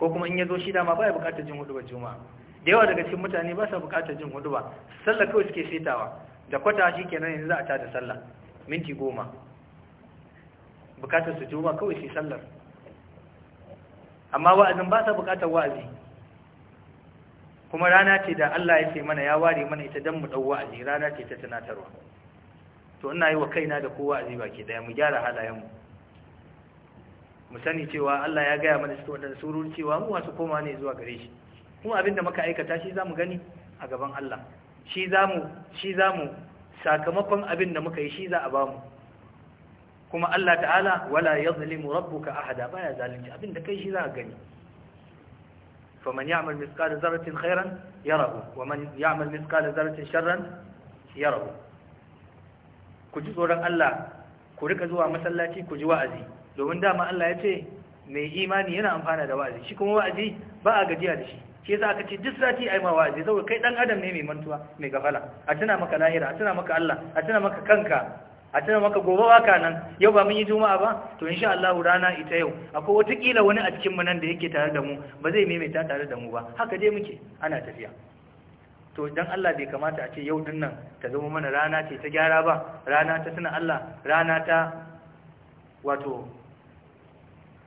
ko kuma in ya zo shi dama baya bukatar jin hudu ba juma'a da yawa daga cikin mutane ba sa bukatar jin hudu ba sallah kawai suke setawa da kwata shi kenan yanzu za a tada sallah minti goma bukatar su juma'a kawai shi sallar amma wa'azin ba sa bukatar wa'azi kuma rana ce da Allah ya ce mana ya ware mana ita don mu dau wa'azi rana ce ta tunatarwa to ina yi wa kaina da kowa wa'azi baki daya mu gyara halayenmu mu sani cewa Allah ya gaya mana cikin wannan surun cewa mu wasu koma ne zuwa gare shi kuma abinda muka aikata shi zamu gani a gaban Allah shi zamu shi zamu sakamakon abinda muka yi shi za a bamu kuma Allah ta'ala wala yadhlimu rabbuka ahada baya zalunci abinda kai shi za a gani faman ya'mal mithqala dharratin khairan yarahu waman ya'mal mithqala dharratin sharran yarahu ku ji tsoron Allah ku rika zuwa masallaci ku ji wa'azi domin dama Allah ya ce mai imani yana amfana da wa'azi shi kuma wa'azi ba a gajiya da shi shi za aka ce duk sati yi ma wa'azi saboda kai dan adam ne mai mantuwa mai gafala a tuna maka lahira a tuna maka Allah a tuna maka kanka a tuna maka gobe waka nan yau ba mun yi juma'a ba to in sha Allah rana ita yau akwai wata wani a cikin manan nan da yake tare da mu ba zai maimaita tare da mu ba haka dai muke ana tafiya to dan Allah bai kamata a ce yau din nan ta zama mana rana ce ta gyara ba rana ta tuna Allah rana ta wato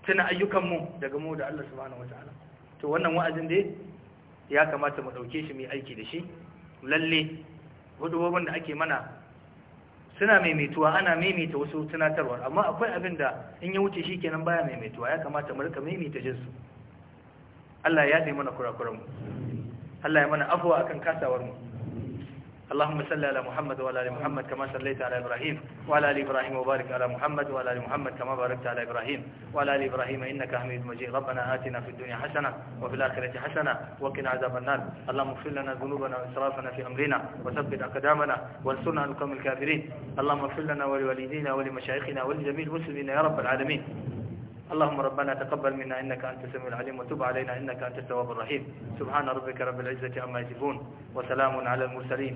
tuna ayyukanmu daga mu da Allah subhanahu wataala to wannan wa'azin dai ya kamata mu dauke shi mu aiki da shi lalle hudubobin da ake mana suna maimaituwa ana maimaita wasu tunatarwar amma akwai abin da in ya wuce shi kenan baya maimaituwa ya kamata mu rika maimaita jinsu Allah ya yi mana kurakuranmu Allah ya mana afuwa akan kasawarmu اللهم صل على محمد وعلى ال محمد كما صليت على ابراهيم وعلى ال ابراهيم وبارك على محمد وعلى ال محمد كما باركت على ابراهيم وعلى ال ابراهيم انك حميد مجيد ربنا آتنا في الدنيا حسنه وفي الاخره حسنه وقنا عذاب النار اللهم اغفر لنا ذنوبنا واسرافنا في امرنا وثبت اقدامنا وانصرنا على القوم الكافرين اللهم اغفر لنا ولوالدينا ولمشايخنا ولجميع المسلمين يا رب العالمين اللهم ربنا تقبل منا إنك أنت السميع العليم وتب علينا إنك أنت التواب الرحيم سبحان ربك رب العزة عما يصفون وسلام على المرسلين